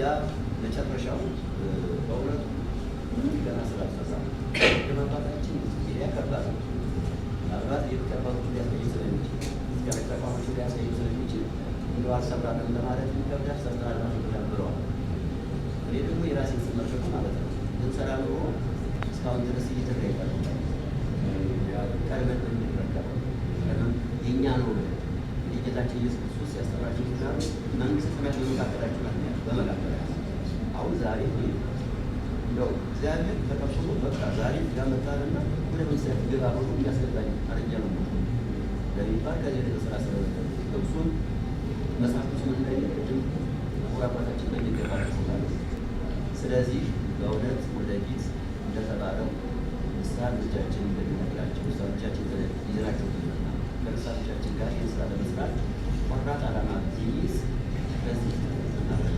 ያ መጨረሻው በእውነቱ ገና ስላልፈዛ ህግ ማባታችን ያ ምናልባት የህግ አባቶች ሊያስጠይቅ ስለሚችል እስከ ተቋሞች ሊያሳይ ስለሚችል እንደ አልሰራንም ለማለት የሚከብዳ ሰርተናል ማለት ብለዋል። እኔ ደግሞ የራሴን ስመርሸቱ ማለት ነው እንሰራ ኑሮ እስካሁን ድረስ እየተገይታል ቀድመን የምንረከበ የእኛ ነው። ጌታችን ኢየሱስ ክርስቶስ ያስተምራቸው ይችላሉ መንግስት ትናት በመካከላችሁ ናት በመካከላቸው አሁን ዛሬ እንደው እግዚአብሔር ተቀብሎ በቃ ዛሬ ያመጣልና ወደ መንግስት ገባ ብሎ የሚያስገባኝ አረኛ ነው ለሚባል ከዚህ የተሰራ ስለ ገብሱን መጽሐፍቶች ምንታይ ቅድም አባታችን ላይ ይገባል ማለት ስለዚህ በእውነት ወደፊት እንደተባለው ምሳሌዎቻችን እንደሚነግራቸው ምሳሌዎቻችን ይዘናቸው ትልና ከምሳሌዎቻችን ጋር ይህን ስራ ለመስራት ቆራጥ አላማ ይይዝ በዚህ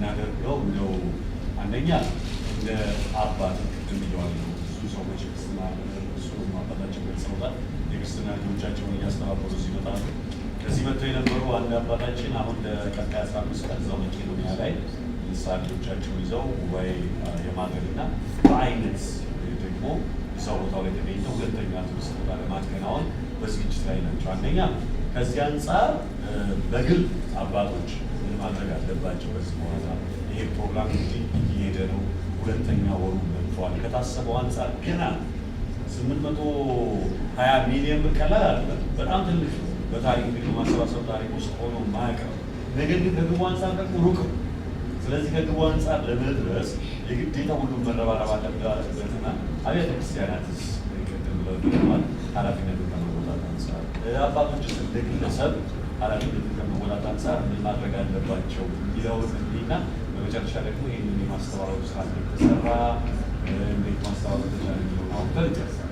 የምናደርገው ነው። አንደኛ እንደ አባት ቅድም ብያዋለሁ። ብዙ መች ክርስትና እሱ አባታቸው ገልጸውታል። የክርስትና ልጆቻቸውን እያስተባበሩ ሲመጣሉ ከዚህ መጥተው የነበሩ አንድ አባታችን አሁን ለቀጣይ አስራ አምስት ቀን እዛው መቄዶንያ ላይ ንሳ ልጆቻቸውን ይዘው ጉባኤ የማገድ እና በአይነት ደግሞ እዛው ቦታው ላይ ተገኝተው ሁለተኛ ትምህርት ቦታ ለማከናወን በዝግጅት ላይ ናቸው። አንደኛ ከዚህ አንጻር በግል አባቶች ማድረግ አለባቸው። በዚህ በኋላ ይሄ ፕሮግራም እንግዲህ እየሄደ ነው። ሁለተኛ ወሩ መጥተዋል። ከታሰበው አንጻር ገና ስምንት መቶ ሀያ ሚሊየን ብር ቀላል በጣም ትንሽ በታሪክ እንግዲህ ማሰባሰብ ታሪክ ውስጥ ሆኖ ማያውቅ ነገር ግን ከግቡ አንጻር ደግሞ ሩቅ ነው። ስለዚህ ከግቡ አንጻር ለመድረስ የግዴታ ሁሉም መረባረብ አለበትና አብያተ ክርስቲያናት ቅድም ብለው ኃላፊነቱን ከመወጣት አንጻር አባቶች እንደ ኃላፊነት ከመወጣት አንጻር ምን ማድረግ አለባቸው ይለውን እና በመጨረሻ ደግሞ ይህንን የማስተባበሩ ስራ ተሰራ እንዴት ማስተባበር ተቻለ ሚለው አሁን በልጨርሳል።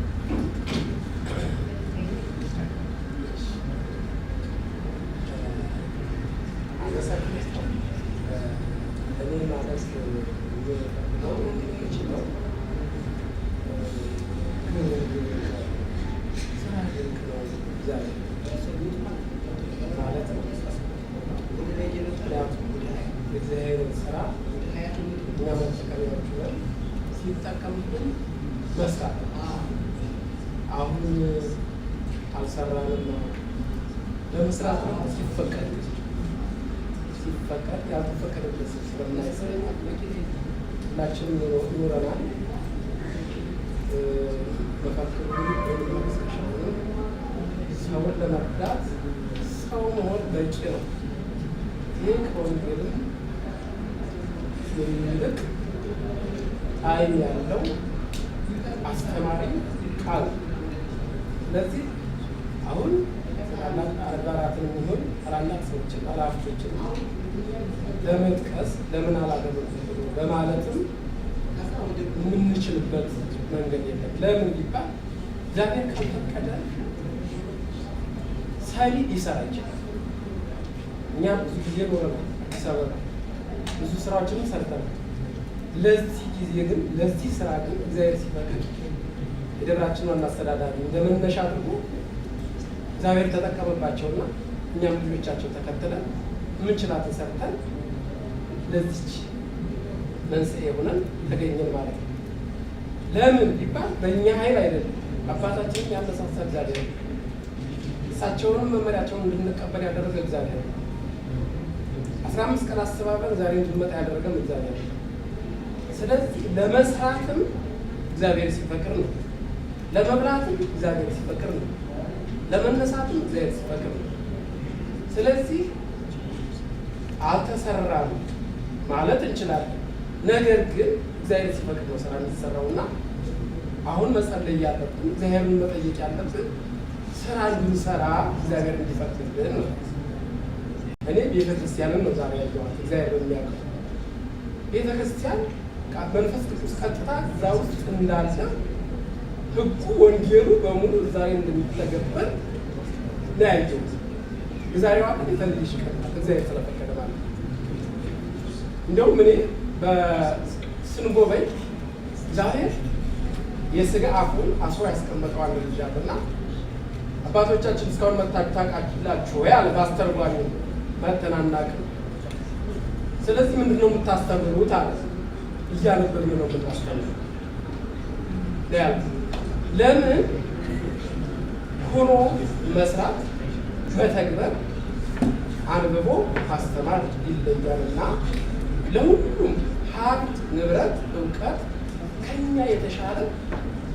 እና መጠቀሚያዎቹን ሲጠቀሙብን መስራት አሁን አልሰራንና ለመስራት ነው ሲፈቀድ ሲፈቀድ ያልተፈቀደበት ስለምናይሰር ሁላችንም ይኖረናል። ሰውን ለመርዳት ሰው መሆን በቂ ነው። ይህ ከወንጌልም የሚልክ አይን ያለው አስተማሪ ቃል። ስለዚህ አሁን ታላላቅ አድባራትን የሚሆን ታላላቅ ሰዎችን ኃላፊዎችን ለመጥቀስ ለምን አላደረጉ በማለትም የምንችልበት መንገድ የለም። ለምን ይባል እግዚአብሔር ካልፈቀደ ሳይል ይሰራ ይችላል። እኛም ብዙ ጊዜ ኖረናል ሰበብ ብዙ ስራዎችንም ሰርተናል። ለዚህ ጊዜ ግን ለዚህ ስራ ግን እግዚአብሔር ሲፈቅድ የደብራችን ዋና አስተዳዳሪ እንደ መነሻ አድርጎ እግዚአብሔር ተጠቀመባቸውና እኛም ልጆቻቸው ተከትለን የምንችላትን ሰርተን ለዚች መንስኤ ሆነን ተገኘን ማለት ነው። ለምን ቢባል በእኛ ኃይል አይደለም። አባታችንን ያነሳሳ እግዚአብሔር፣ እሳቸውንም መመሪያቸውን እንድንቀበል ያደረገ እግዚአብሔር ነው። አስራ አምስት ቀን አስተባብረን ዛሬ እንድንመጣ ያደረገም እግዚአብሔር ነው። ስለዚህ ለመስራትም እግዚአብሔር ሲፈቅር ነው። ለመብላትም እግዚአብሔር ሲፈቅር ነው። ለመነሳትም እግዚአብሔር ሲፈቅር ነው። ስለዚህ አልተሰራም ማለት እንችላለን። ነገር ግን እግዚአብሔር ሲፈቅድ ነው ስራ የሚሰራው እና አሁን መጸለይ ያለብን እግዚአብሔርን መጠየቅ ያለብን ስራ እንድንሰራ እግዚአብሔር እንዲፈቅድልን ነው። እኔ ቤተ ክርስቲያንን ነው ዛሬ ያየዋት። እግዚአብሔር ቤተ ክርስቲያን መንፈስ ቅዱስ ቀጥታ እዛ ውስጥ እንዳለ ህጉ፣ ወንጌሉ በሙሉ እዛ ላይ እንደሚተገበር ነው ያየሁት። የዛሬዋ ቀን የተለየሽ ቀን እግዚአብሔር ስለፈቀደ ማለት ነው። እንደውም እኔ በስንጎበኝ ዛሬ የስጋ አፉን አስሮ ያስቀመጠዋል ልጃለና አባቶቻችን እስካሁን መታችሁ ታውቃላችሁ ወይ አለ በአስተርጓሚ መተናናቅም ስለዚህ ምንድን ነው የምታስተምሩት? አለ እያነበብን ነው የምታስተምሩት። ለምን ሆኖ መስራት በተግበር አንብቦ ማስተማር ይለያልና ለሁሉም ሀብት ንብረት እውቀት ከኛ የተሻለ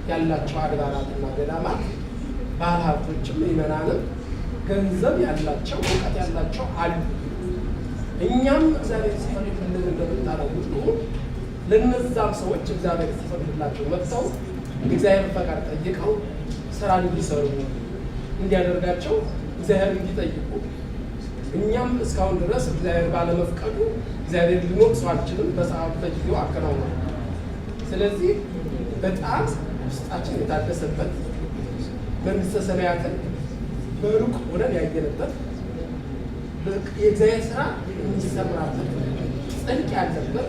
ያላቸው አግባራትና ገዳማት ባለሀብቶችም ይመናንም ገንዘብ ያላቸው እውቀት ያላቸው አሉ። እኛም እግዚአብሔር ሲፈልግልን እንደምጣለው ሁሉ ለነዛም ሰዎች እግዚአብሔር ሲፈልግላቸው መጥተው እግዚአብሔር ፈቃድ ጠይቀው ስራ እንዲሰሩ እንዲያደርጋቸው እግዚአብሔር እንዲጠይቁ እኛም እስካሁን ድረስ እግዚአብሔር ባለመፍቀዱ እግዚአብሔር ሊኖር ሰው አልችልም በሰዓቱ በጊዜው አከናውኗል። ስለዚህ በጣም ውስጣችን የታደሰበት መንግስተ ሰማያትን በሩቅ ሆነን ያየንበት የእግዚአብሔር ስራ የሚሰራበት ጥልቅ ያለበት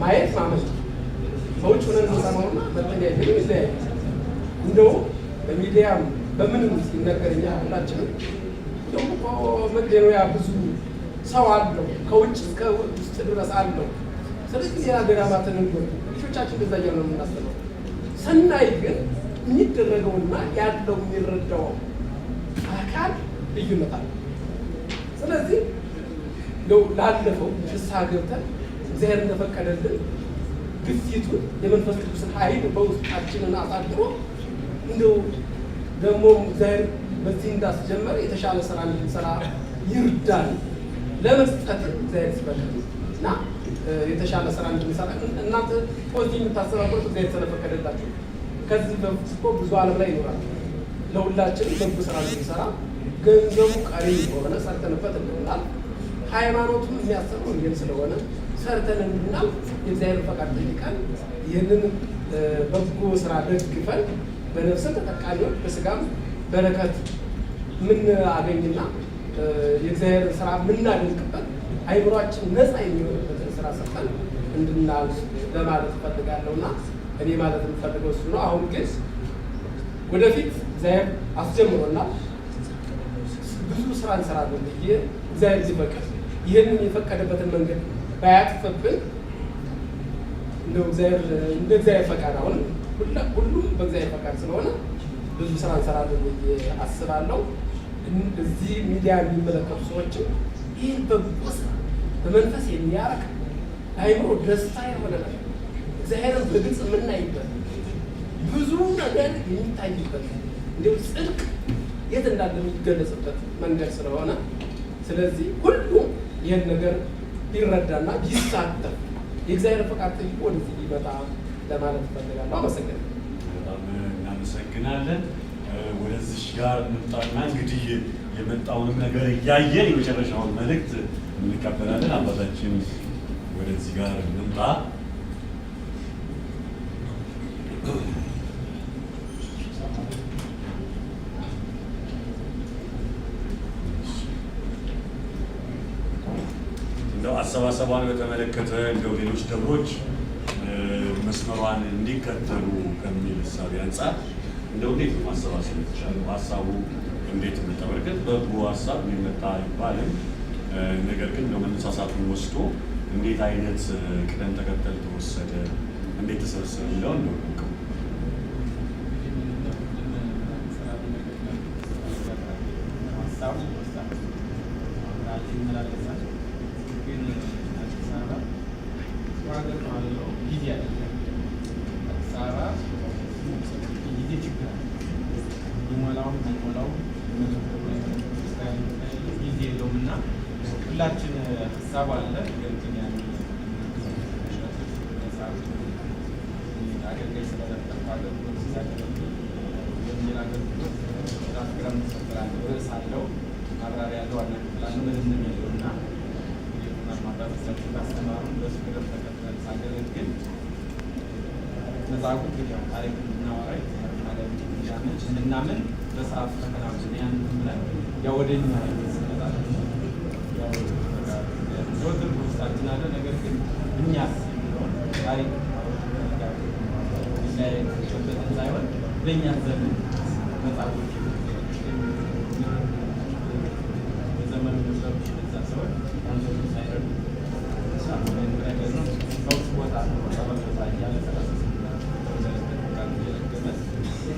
ማየት ማመት ነው። በውጭ ሆነን የምንሰማውና መጠለያ ሄ ይለያል። እንደውም በሚዲያም በምንም ሲነገር እኛ ሁላችንም መቄዶንያ ብዙ ሰው አለው ከውጭ እስከ ውስጥ ድረስ አለው። ስለዚህ ዜና ገዳማትን ልጆቻችን ገዛ እያሉ ነው የምናስበው። ስናይ ግን የሚደረገውና ያለው የሚረዳው አካል ልዩነት አለ። ስለዚህ ላለፈው ፍስሐ ገብተን እግዚአብሔር እንደፈቀደልን ግፊቱን የመንፈስ ቅዱስን ኃይል በውስጣችንን አሳድሮ እንደው ደግሞ እግዚአብሔር በዚህ እንዳስጀመረ የተሻለ ስራ እንድንሰራ ይርዳል። ለመስጠት እግዚአብሔር ሲፈቅድ እና የተሻለ ስራ እንድንሰራ እናንተ ፖዚቲቭ የምታሰባበት እግዚአብሔር ስለፈቀደላችሁ ከዚህ በፊት እኮ ብዙ ዓለም ላይ ይኖራል። ለሁላችን በጎ ስራ የሚሰራ ገንዘቡ ቀሪ እንደሆነ ሰርተንበት እንሆናል። ሃይማኖቱ የሚያሰሩ ይህን ስለሆነ ሰርተን እንድናል የእግዚአብሔር ፈቃድ ጠይቀን ይህንን በጎ ስራ ደግፈን በነፍሰ ተጠቃሚዎች በስጋም በረከት ምናገኝና የእግዚአብሔርን ስራ ምናደንቅበት አይምሯችን ነፃ የሚሆንበትን ስራ ሰርተን እንድናል ለማለት እፈልጋለሁና እኔ ማለት የምፈልገው እሱ ነው። አሁን ግን ወደፊት እግዚአብሔር አስጀምሮናል ብዙ ስራ እንሰራለን ብዬ እግዚአብሔር ሲፈቅድ ይህንን የፈቀደበትን መንገድ ባያጥፍብን እንደ እግዚአብሔር ፈቃድ አሁን ሁሉም በእግዚአብሔር ፈቃድ ስለሆነ ብዙ ስራ እንሰራለን ብዬ አስባለሁ። እዚህ ሚዲያ የሚመለከቱ ሰዎችም ይህን በጎ ስራ በመንፈስ የሚያረቅ አይምሮ ደስታ የሆነ እግዚአብሔርን በግልጽ የምናይበት ብዙ ነገር የሚታይበት እንዲሁም ጽድቅ የት እንዳለ የሚገለጽበት መንገድ ስለሆነ ስለዚህ ሁሉም ይህን ነገር ቢረዳና ቢሳተፍ የእግዚአብሔር ፈቃድ ጠይቆ ወደዚህ ሊመጣ ለማለት እፈልጋለሁ። አመሰግናለሁ። እናመሰግናለን። ወደዚህ ጋር እንምጣና እንግዲህ የመጣውንም ነገር እያየን የመጨረሻውን መልእክት እንቀበላለን። አባታችን ወደዚህ ጋር እንምጣ። አሰባሰቧን በተመለከተ እንደው ሌሎች ደብሮች መስመሯን እንዲከተሉ ከሚል ሳቢ አንጻር እንደው እንዴት ማሰባሰብ የተቻለ ሀሳቡ እንዴት መጠበርከት በጎ ሀሳብ የሚመጣ ይባልም፣ ነገር ግን ነው መነሳሳቱን ወስዶ እንዴት አይነት ቅደም ተከተል ተወሰደ፣ እንዴት ተሰበሰበ የሚለውን ነው አንድ አለው፣ ርዕስ አለው፣ ማብራሪያ ያለው ዋና ክፍል አለው፣ መደምደም እና የቁናን ማብራት ሰብስብ በሱ ቅደም ተከተል ሳገለግል መጽሐፉ ያው ታሪክ የምናወራ የተማሪያም ነች ምናምን በሰዓቱ ተከናወነ። ያን ብለን ያው ወደ ስመጣ ዘወትር ውስጣችን አለ። ነገር ግን እኛስ የሚለውን ታሪክ ሳይሆን በእኛ ዘመን መጽሐፎች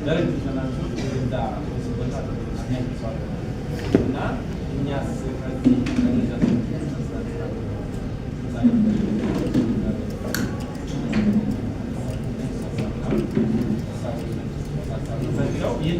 ለረጅም ዘመናቸው እዛ ቦታ እና እኛስ ከዚህ ይህ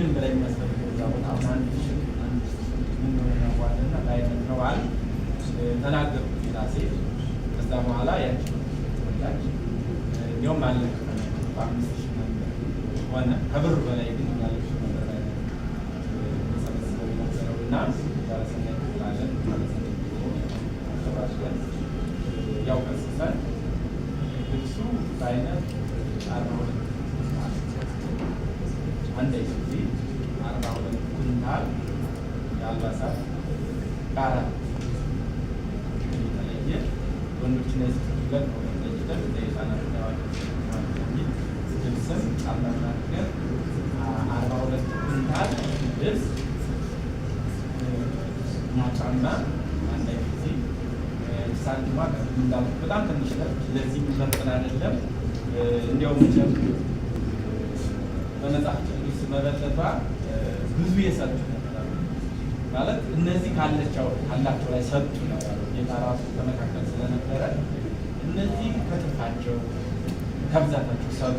ከምንም በላይ የሚያስፈልገው እዛ ቦታ አንድ ሽቅ አንድ ምንሆነዋልና ላይ ተንትረዋል ተናገሩ ራሴ ከዛ በኋላ ያች ተወላጅ እንዲያውም አለ በአምስት ሺ ሆነ ከብር በላይ ግን ያለ ነበር ላይ ነበረው እና አባትናገር አርባ ሁለት ኩንታል ልብስ ማጫማ አንድ ጊዜ ሳንቲማ እንዳሉት በጣም ትንሽ ነው። ለዚህ የሚመጥን አይደለም። እንዲያውም ጀም በመጽሐፍ ቅዱስ መበለቷ ብዙ የሰጡ ማለት እነዚህ ካለቸው ካላቸው ላይ ሰጡ ነው ጌታ ራሱ ተመካከል ስለነበረ እነዚህ ከጥፋቸው ከብዛታቸው ሰጡ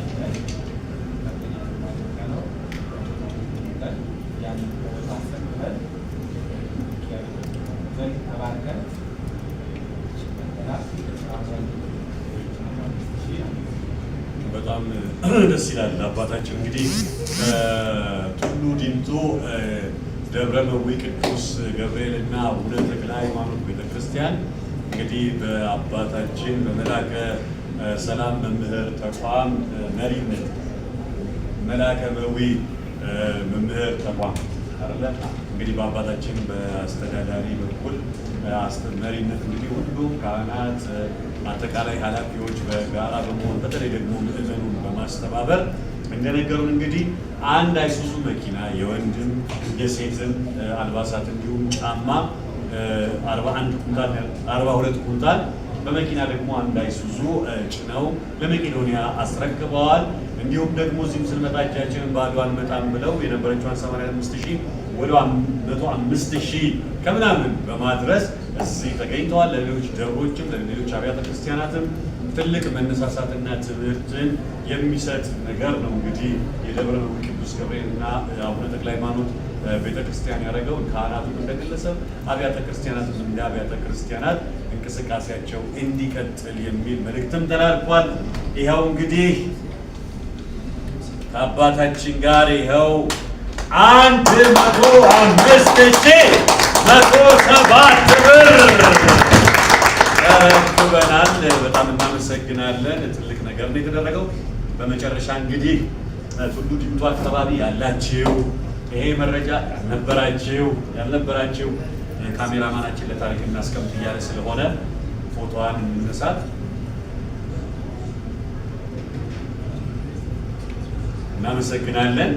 ደስ ይላል። አባታችን እንግዲህ ቱሉ ዲምቱ ደብረ መዊ ቅዱስ ገብርኤል እና አቡነ ተክለ ሃይማኖት ቤተክርስቲያን እንግዲህ በአባታችን በመላከ ሰላም መምህር ተቋም መሪነት መላከ መዊ መምህር ተቋም አለ እንግዲህ በአባታችን በአስተዳዳሪ በኩል መሪነት እንግዲህ ሁሉም ካህናት አጠቃላይ ኃላፊዎች በጋራ በመሆን በተለይ ደግሞ ምዕመኑ በማስተባበር እንደነገሩን እንግዲህ አንድ አይሱዙ መኪና የወንድም የሴትን አልባሳት እንዲሁም ጫማ 41 ኩንታል 42 ኩንታል በመኪና ደግሞ አንድ አይሱዙ ጭነው ለመቄዶንያ አስረክበዋል። እንዲሁም ደግሞ እዚህም ስንመጣ እጃችንን ባዶ አንመጣም ብለው የነበረችዋን 85 ሺህ ወደ 105 ሺህ ከምናምን በማድረስ እዚህ ተገኝተዋል። ለሌሎች ደብሮችም ለሌሎች አብያተ ክርስቲያናትም ትልቅ መነሳሳትና ትምህርትን የሚሰጥ ነገር ነው። እንግዲህ የደብረ ቅዱስ ገብርኤልና አቡነ ተክለ ሃይማኖት ቤተክርስቲያን ያደረገውን ካህናቱን እንደግለሰብ አብያተ ክርስቲያናት እንደ አብያተ ክርስቲያናት እንቅስቃሴያቸው እንዲቀጥል የሚል መልእክትም ተላልፏል። ይኸው እንግዲህ ከአባታችን ጋር ይኸው አንድ መቶ አምስት ሺ መቶ ሰባት ብር ቀርበናል። በጣም እናመ እናመሰግናለን። ትልቅ ነገር ነው የተደረገው። በመጨረሻ እንግዲህ ቱሉ ዲምቱ አካባቢ ያላችሁ ይሄ መረጃ ያልነበራችሁ ያልነበራችሁ ካሜራማናችን ለታሪክ የሚያስቀምጥ እያለ ስለሆነ ፎቶዋን እንነሳት። እናመሰግናለን።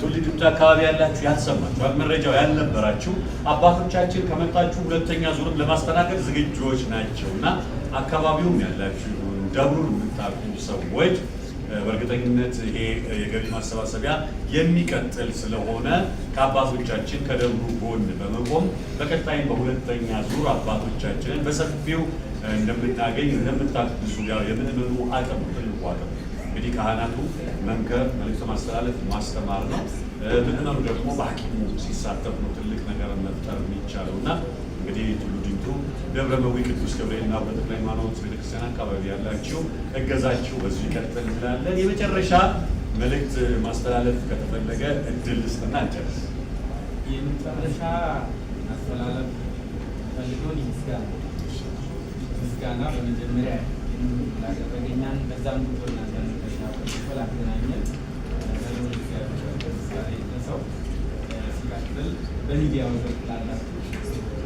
ቱሉ ዲምቱ አካባቢ ያላችሁ ያልሰማችሁ፣ መረጃው ያልነበራችሁ አባቶቻችን ከመጣችሁ ሁለተኛ ዙርም ለማስተናገድ ዝግጆች ናቸው እና አካባቢውም ያላችሁ ደብሩን የምታውቁ ሰዎች በእርግጠኝነት ይሄ የገቢ ማሰባሰቢያ የሚቀጥል ስለሆነ ከአባቶቻችን ከደብሩ ጎን በመቆም በቀጣይም በሁለተኛ ዙር አባቶቻችንን በሰፊው እንደምናገኝ ጋር የምንመኑ አቅም ትልቁ አቅም እንግዲህ ካህናቱ መምከር፣ መልዕክት ማስተላለፍ፣ ማስተማር ነው። ምንመኑ ደግሞ በሐኪሙ ሲሳተፍ ነው ትልቅ ነገር መፍጠር የሚቻለው እና እንግዲህ እንዲሁም ደብረ መዊ ቅዱስ ገብርኤልና በጥቅለ ሃይማኖት ቤተክርስቲያን አካባቢ ያላችሁ እገዛችሁ በዚሁ ይቀጥል እንላለን። የመጨረሻ መልእክት ማስተላለፍ ከተፈለገ እድል ልስጥና እንጨርስ። የመጨረሻ ማስተላለፍ ፈልገን ምስጋና ምስጋና በመጀመሪያ ላደረገኛን በዛም ጉዞና አገናኘን ላገናኘን ሰው ሲቀጥል በሚዲያው ላላችሁ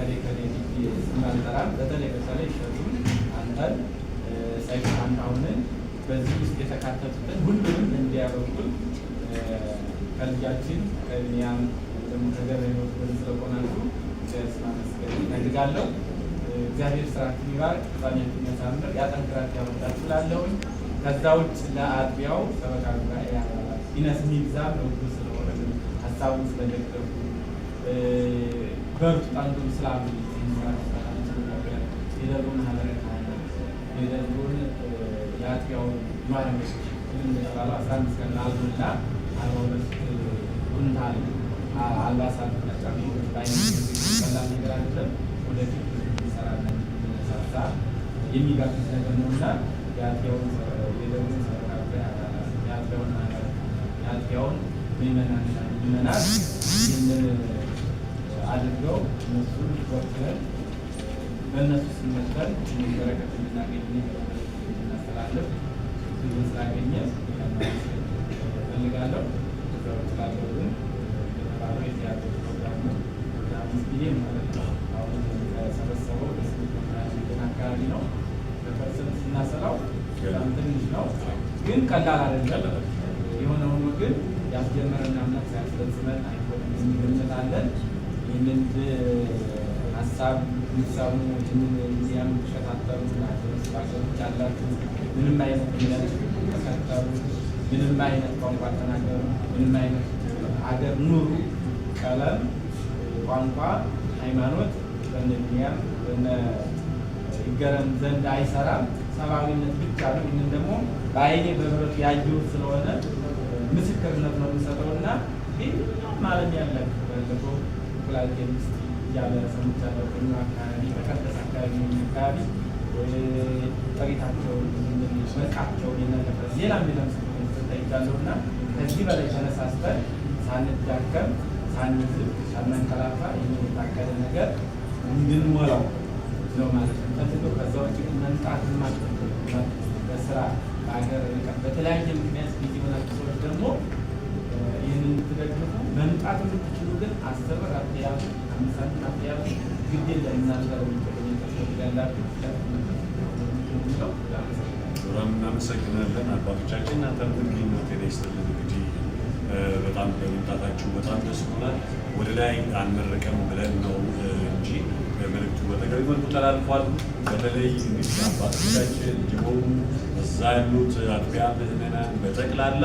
ከሌ ከሌ ስናጠራል በተለይ በተለይ ሸቱን አንተን ሰይፉን አንታሁንን በዚህ ውስጥ የተካተቱትን ሁሉንም እንዲያበቁል ከልጃችን ከሚያም ከገበሬዎች ስለሆናሉ ስማመስገን እፈልጋለሁ። እግዚአብሔር ስራችን ይባርክ፣ ፋኛችን ያሳምር፣ ያጠንክራት፣ ያበርታት ስላለውን ከዛ ውጭ ለአጥቢያው ሰበካ ጉባኤ ይነስ ሚብዛ ለውዱ ስለሆነ ሀሳቡን ስለደገፉ በርቱ ጣንዱ ስላሉ የደብሩን ሀገር የደብሩን የአጥቢያውን ማለመች ባሉ አስራ አምስት ቀን አርባ ሁለት አልባሳት ቀላል ነገር አይደለም። ወደፊት ሰራለን ሳሳ የሚጋፍ ነገር ነውና የአጥቢያውን የደብሩን ሰረቃቢያ የአጥቢያውን ምዕመናን አድርገው እነሱ ወክለን በእነሱ ስንመስለን በረከት እንድናገኝ እናስተላለፍ ሲሆን ስላገኘ ፈልጋለሁ። ስላገዙን የተባለው የዚያገ ፕሮግራም ነው። ወደ አምስት ጊዜ ማለት ነው። አሁን የተሰበሰበው በስምንት መምህራን አካባቢ ነው። በፐርሰንት ስናሰላው በጣም ትንሽ ነው፣ ግን ቀላል አይደለም። የሆነ ሆኖ ግን ያስጀመረና እምነት ሳያስፈጽመን አይሆንም የሚል እምነት አለን። ትምህርት ሀሳብ የሚሳሙ ይህንን ሚዲያም የሚከታተሉ ናቸው ያላችሁ ምንም አይነት ሚነት ተከተሉ፣ ምንም አይነት ቋንቋ ተናገሩ፣ ምንም አይነት ሀገር ኑሩ፣ ቀለም፣ ቋንቋ፣ ሃይማኖት በነ ሚዲያም በነ ይገረም ዘንድ አይሰራም። ሰብአዊነት ብቻ ነው። ይህንን ደግሞ በአይኔ በብረቱ ያየሁት ስለሆነ ምስክርነት ነው የምሰጠው እና ይህ ማለም ያለ እንቁላል ኬሚስትሪ እያለ ሰምቻለሁ። እና አካባቢ በቀደስ አካባቢ አካባቢ ጥሪታቸውን መልቃቸውን የነገበት ሌላም ሌላም ስጠይቃለሁ እና ከዚህ በላይ ተነሳስተን ሳንዳከም ሳንዝብ ሳናንቀላፋ የምንታቀደ ነገር እንድንሞላው ነው ማለት ነው ፈልገው ከዛ ውጭ መምጣት ማለት በስራ በሀገር ርቀት በተለያየ ምክንያት ጊዜ ሆናችሁ ሰዎች ደግሞ ይህን እንድትደግፉ መምጣት እንድትችሉ ግን አስር ራያ አትያዙ፣ አምስት ሳንቲም አትያዙ። ግድ የለም እናመሰግናለን አባቶቻችን። እናንተም ነው። ጤና ይስጥልን። እንግዲህ በጣም በመምጣታችሁ በጣም ደስ ብሎናል። ወደ ላይ አንመረቀም ብለን ነው እንጂ መልዕክቱ በተገቢ መልኩ ተላልፏል። በተለይ እንግዲህ አባቶቻችን እንዲሆኑ እዛ ያሉት አጥቢያ ምዕመናን በጠቅላላ